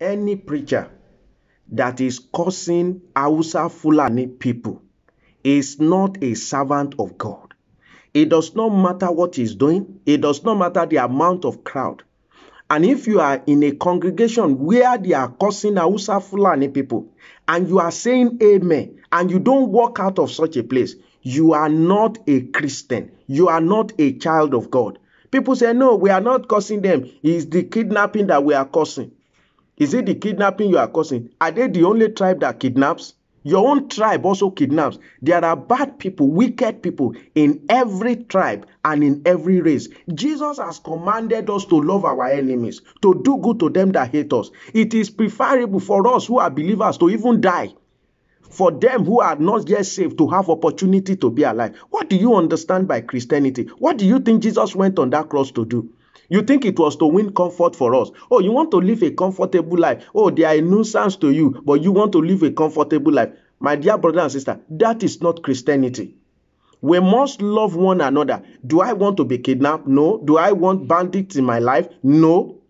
any preacher that is causing Hausa Fulani people is not a servant of God. It does not matter what he's doing, it does not matter the amount of crowd. And if you are in a congregation where they are causing Hausa Fulani people and you are saying amen and you don't walk out of such a place, you are not a Christian. You are not a child of God. People say, no, we are not cursing them. It's the kidnapping that we are cursing. Is it the kidnapping you are causing? Are they the only tribe that kidnaps? Your own tribe also kidnaps. There are bad people, wicked people in every tribe and in every race. Jesus has commanded us to love our enemies, to do good to them that hate us. It is preferable for us who are believers to even die. For them who are not yet saved to have opportunity to be alive. What do you understand by Christianity? What do you think Jesus went on that cross to do? You think it was to win comfort for us. Oh, you want to live a comfortable life. Oh, they are a nuisance to you, but you want to live a comfortable life. My dear brother and sister, that is not Christianity. We must love one another. Do I want to be kidnapped? No. Do I want bandits in my life? No.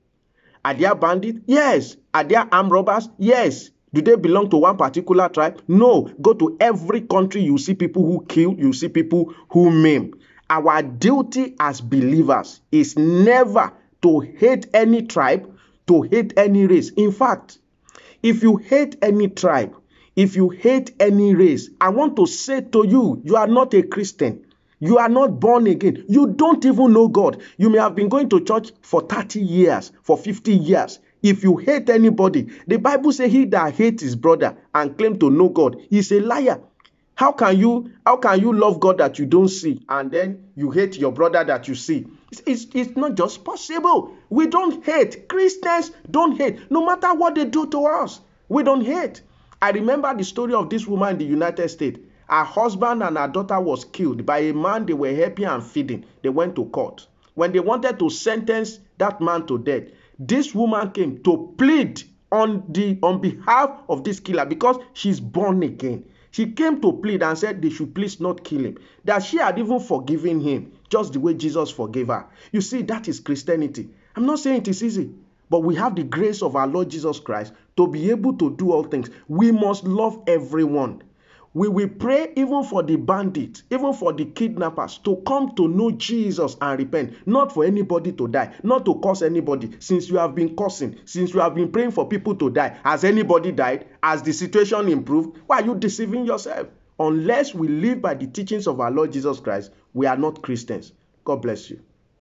Are there bandits? Yes. Are there armed robbers? Yes. Do they belong to one particular tribe? No. Go to every country, you see people who kill, you see people who maim. Our duty as believers is never to hate any tribe, to hate any race. In fact, if you hate any tribe, if you hate any race, I want to say to you, you are not a Christian. You are not born again. You don't even know God. You may have been going to church for 30 years, for 50 years. If you hate anybody, the Bible says he that hates his brother and claim to know God is a liar. How can you how can you love God that you don't see and then you hate your brother that you see? It's, it's, it's not just possible. We don't hate. Christians don't hate. No matter what they do to us, we don't hate. I remember the story of this woman in the United States. Her husband and her daughter was killed by a man they were helping and feeding. They went to court. When they wanted to sentence that man to death, this woman came to plead on the on behalf of this killer because she's born again. She came to plead and said they should please not kill him. That she had even forgiven him, just the way Jesus forgave her. You see, that is Christianity. I'm not saying it is easy, but we have the grace of our Lord Jesus Christ to be able to do all things. We must love everyone. we will pray even for the bandits, even for the kidnappers to come to know Jesus and repent. Not for anybody to die, not to curse anybody. Since you have been cursing, since you have been praying for people to die, has anybody died? Has the situation improved? Why are you deceiving yourself? Unless we live by the teachings of our Lord Jesus Christ, we are not Christians. God bless you.